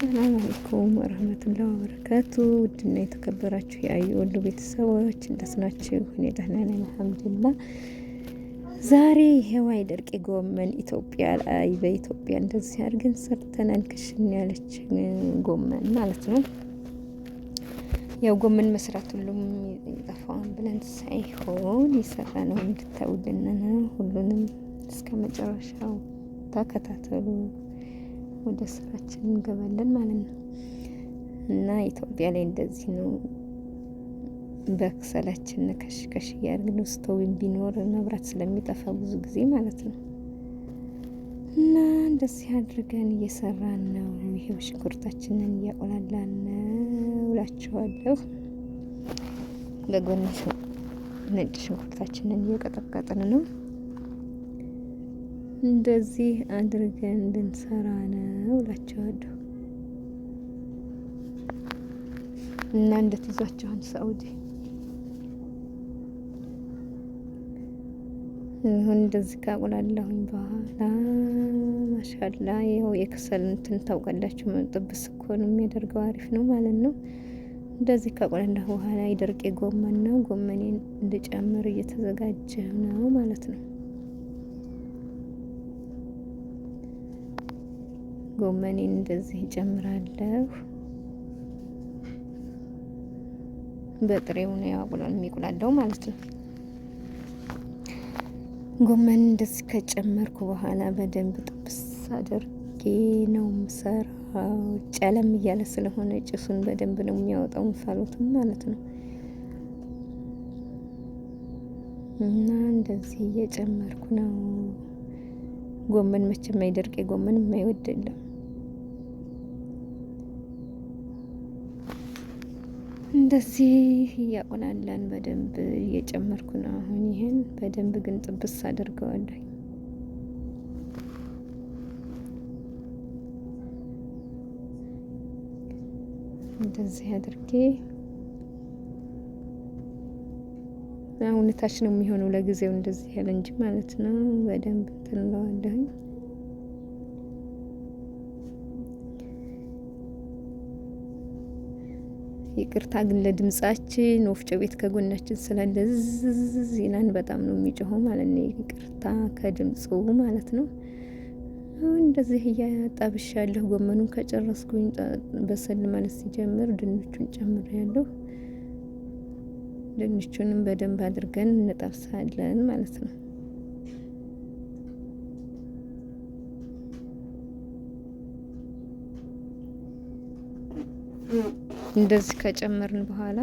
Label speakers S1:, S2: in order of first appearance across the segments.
S1: አሰላሙ አለይኩም ወረህመቱላሂ ወበረካቱ ውድና የተከበራችሁ የአዩ ወሉ ቤተሰቦች እንደት ናችሁ? እኔ ደህና ነኝ አልሐምዱሊላህ። ዛሬ ይሄው አይደርቅ ጎመን ኢትዮጵያ ላይ በኢትዮጵያ እንደዚህ አድርገን ሰርተን አንክሽን ያለች ጎመን ማለት ነው። ያው ጎመን መስራት ሁሉም ይጠፋዋል ብለን ሳይሆን የሰራ ነው እንድታውልን ሁሉንም እስከ መጨረሻው ተከታተሉ። ወደ ስራችን እንገባለን ማለት ነው። እና ኢትዮጵያ ላይ እንደዚህ ነው። በክሰላችን ከሽከሽ እያደረግን ስቶቭም ቢኖር መብራት ስለሚጠፋ ብዙ ጊዜ ማለት ነው። እና እንደዚህ አድርገን እየሰራን ነው። ይሄው ሽንኩርታችንን እያቆላላን ውላችኋለሁ። በጎን ነጭ ሽንኩርታችንን እየቀጠቀጥን ነው። እንደዚህ አድርገን እንድንሰራ ነው እላቸዋለሁ። እና እንደት ይዟቸዋል ሳኡዲ ይሁን እንደዚህ ካቁላለሁኝ በኋላ ማሻላ ይኸው የክሰል እንትን ታውቃላችሁ፣ ጥብስ እኮ ነው የሚያደርገው። አሪፍ ነው ማለት ነው። እንደዚህ ካቁላለሁ በኋላ የደርቄ ጎመን ነው። ጎመኔን እንድጨምር እየተዘጋጀ ነው ማለት ነው። ጎመኔን እንደዚህ ይጨምራለሁ። በጥሬው ነው ያቁላል የሚቁላለው ማለት ነው። ጎመን እንደዚህ ከጨመርኩ በኋላ በደንብ ጥብስ አድርጌ ነው ምሰራው። ጨለም እያለ ስለሆነ ጭሱን በደንብ ነው የሚያወጣው እንፋሎቱን ማለት ነው። እና እንደዚህ እየጨመርኩ ነው። ጎመን መቼም አይደርቅ፣ ጎመን የማይወድ የለም። እንደዚህ እያቆላለን በደንብ እየጨመርኩ ነው። አሁን ይህን በደንብ ግን ጥብስ አድርገዋለሁ። እንደዚህ አድርጌ አሁን ታች ነው የሚሆነው። ለጊዜው እንደዚህ ያለ እንጂ ማለት ነው። በደንብ ትንለዋለሁኝ ይቅርታ ግን ለድምጻችን ወፍጮ ቤት ከጎናችን ስላለ ዜናን በጣም ነው የሚጮኸው ማለት ነው። ይቅርታ ከድምጹ ማለት ነው። አሁን እንደዚህ ያለሁ ጎመኑን ከጨረስኩኝ በሰል ማለት ሲጀምር ድንቹን ጨምር ያለሁ ድንቹንም በደንብ አድርገን እንጠብሳለን ማለት ነው። እንደዚህ ከጨመርን በኋላ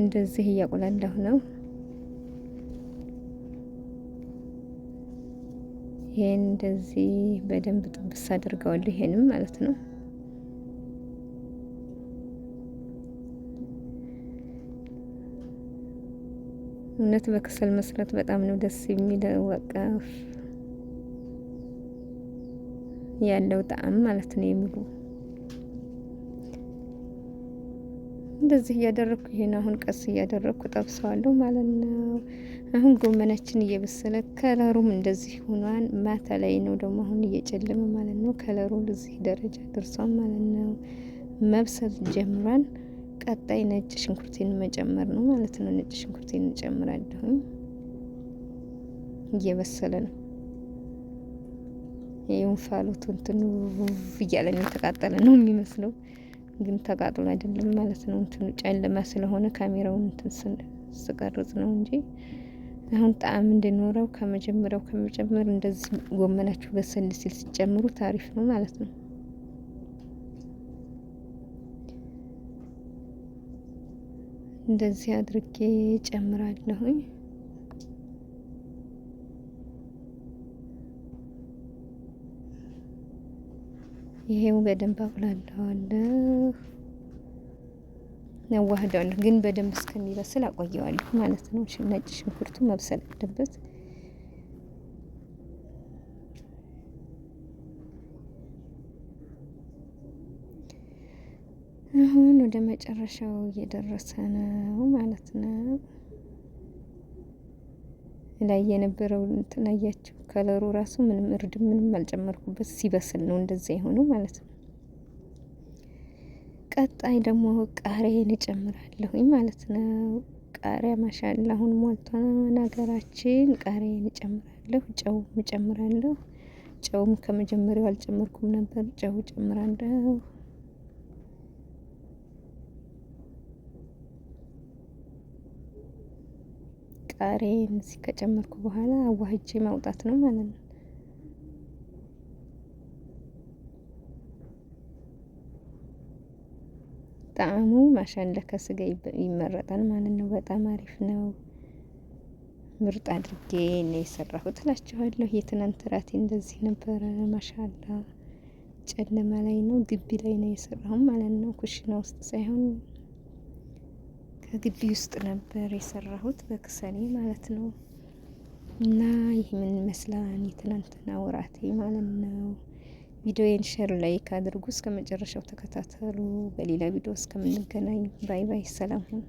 S1: እንደዚህ እያቁላለሁ ነው። ይሄን እንደዚህ በደንብ ጥብስ አድርገዋለሁ። ይሄንም ማለት ነው። እውነት በከሰል መስራት በጣም ነው ደስ የሚለው። በቃ ያለው ጣዕም ማለት ነው የምግቡ። እንደዚህ እያደረግኩ ይሄን አሁን ቀስ እያደረግኩ ጠብሰዋለሁ ማለት ነው። አሁን ጎመናችን እየበሰለ ከለሩም እንደዚህ ሆኗን። ማታ ላይ ነው ደግሞ አሁን እየጨለመ ማለት ነው። ከለሩ እዚህ ደረጃ ደርሷል ማለት ነው። መብሰል ጀምሯን። ቀጣይ ነጭ ሽንኩርቴን መጨመር ነው ማለት ነው። ነጭ ሽንኩርቴን እጨምራለሁ። እየበሰለ ነው። የእንፋሎት እንትኑ እያለ ነው የተቃጠለ ነው የሚመስለው፣ ግን ተቃጥሎ አይደለም ማለት ነው። እንትኑ ጨለማ ስለሆነ ካሜራውን እንትን ስቀርጽ ነው እንጂ አሁን ጣዕም እንድኖረው ከመጀመሪያው ከመጨመር እንደዚህ ጎመናችሁ በሰል ሲል ሲጨምሩ ታሪፍ ነው ማለት ነው። እንደዚህ አድርጌ ጨምራለሁኝ። ይሄው በደንብ አቁላለዋለሁ አዋህደዋለሁ ግን በደንብ እስከሚበስል አቆየዋለሁ ማለት ነው። ነጭ ሽንኩርቱ መብሰል አለበት። አሁን ወደ መጨረሻው እየደረሰ ነው ማለት ነው። ላይ የነበረው እንትን አያችሁ፣ ከለሩ ራሱ ምንም እርድ ምንም አልጨመርኩበት። ሲበስል ነው እንደዛ የሆነው ማለት ነው። ቀጣይ ደግሞ ቃሪያን እጨምራለሁኝ ማለት ነው። ቃሪያ ማሻላ አሁን ሞልቷን ነገራችን። ቃሪያን እጨምራለሁ፣ ጨው እጨምራለሁ። ጨውም ከመጀመሪያው አልጨመርኩም ነበር፣ ጨው እጨምራለሁ። ጥርጣሬ እነዚህ ከጨመርኩ በኋላ አዋህጄ ማውጣት ነው ማለት ነው። ጣዕሙ ማሻላ ከስጋ ይመረጣል ማለት ነው። በጣም አሪፍ ነው። ምርጥ አድርጌ ነው የሰራሁት እላችኋለሁ። የትናንት ራቴ እንደዚህ ነበረ። ማሻላ ጨለማ ላይ ነው ግቢ ላይ ነው የሰራሁም ማለት ነው። ኩሽና ውስጥ ሳይሆን ከግቢ ውስጥ ነበር የሰራሁት በክሰኔ ማለት ነው። እና ምን ይመስላል የትናንትና ወራቴ ማለት ነው። ቪዲዮዬን ሼር ላይክ አድርጉ። እስከ መጨረሻው ተከታተሉ። በሌላ ቪዲዮ እስከምንገናኝ ባይ ባይ። ሰላም ሁኑ።